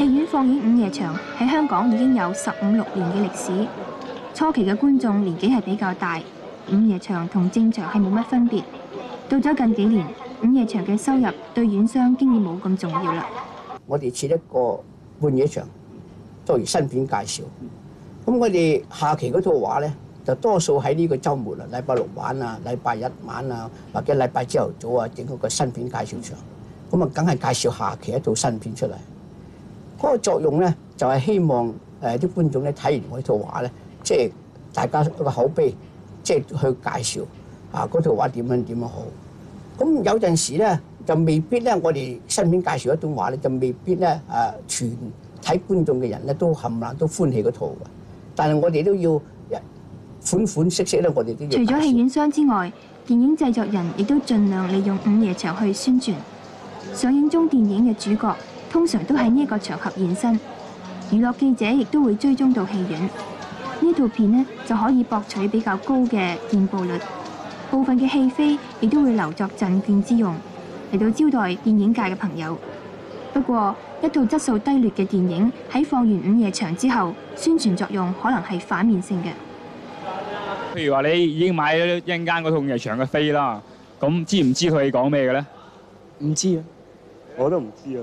戲院放映午夜場喺香港已經有十五六年嘅歷史。初期嘅觀眾年紀係比較大，午夜場同正場係冇乜分別。到咗近幾年，午夜場嘅收入對院商經已冇咁重要啦。我哋設一個半夜場，作為新片介紹。咁我哋下期嗰套畫咧，就多數喺呢個週末啊，禮拜六晚啊，禮拜一晚啊，或者禮拜朝頭早啊，整個新片介紹場。咁啊，梗係介紹下期一套新片出嚟。嗰個作用咧，就係、是、希望誒啲觀眾咧睇完我呢套畫咧，即、就、係、是、大家個口碑，即、就、係、是、去介紹啊嗰套畫點樣點樣好。咁有陣時咧，就未必咧，我哋身邊介紹一種畫咧，就未必咧誒全睇觀眾嘅人咧都冚唪唥都歡喜嗰套㗎。但係我哋都要款款式式咧，我哋都要除咗戲院商之外，電影製作人亦都盡量利用午夜場去宣傳上映中電影嘅主角。通常都喺呢一個場合現身，娛樂記者亦都會追蹤到戲院呢套片呢，就可以博取比較高嘅見報率。部分嘅戲飛亦都會留作贈券之用，嚟到招待電影界嘅朋友。不過，一套質素低劣嘅電影喺放完午夜場之後，宣傳作用可能係反面性嘅。譬如話，你已經買咗一間嗰套午夜場嘅飛啦，咁知唔知佢講咩嘅呢？唔知啊，我都唔知啊。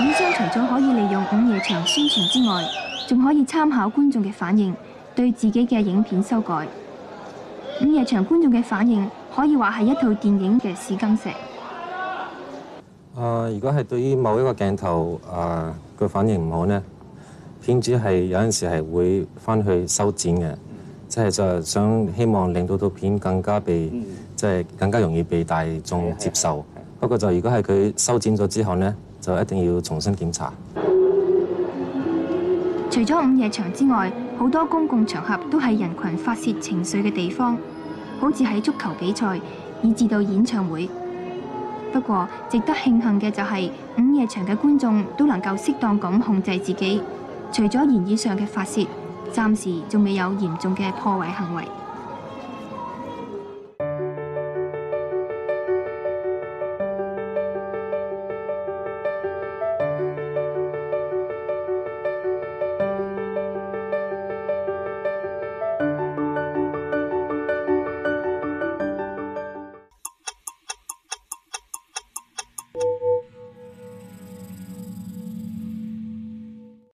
影商除咗可以利用午夜場宣傳之外，仲可以參考觀眾嘅反應，對自己嘅影片修改。午夜場觀眾嘅反應可以話係一套電影嘅試金石。誒、呃，如果係對於某一個鏡頭誒，個、呃、反應唔好呢，片主係有陣時係會翻去修剪嘅，即係就係、是、想希望令到套片更加被，即係、嗯、更加容易被大眾接受。不過就如果係佢修剪咗之後呢。就一定要重新檢查。除咗午夜場之外，好多公共場合都係人群發泄情緒嘅地方，好似喺足球比賽，以至到演唱會。不過，值得慶幸嘅就係，午夜場嘅觀眾都能夠適當咁控制自己，除咗言語上嘅發泄，暫時仲未有嚴重嘅破壞行為。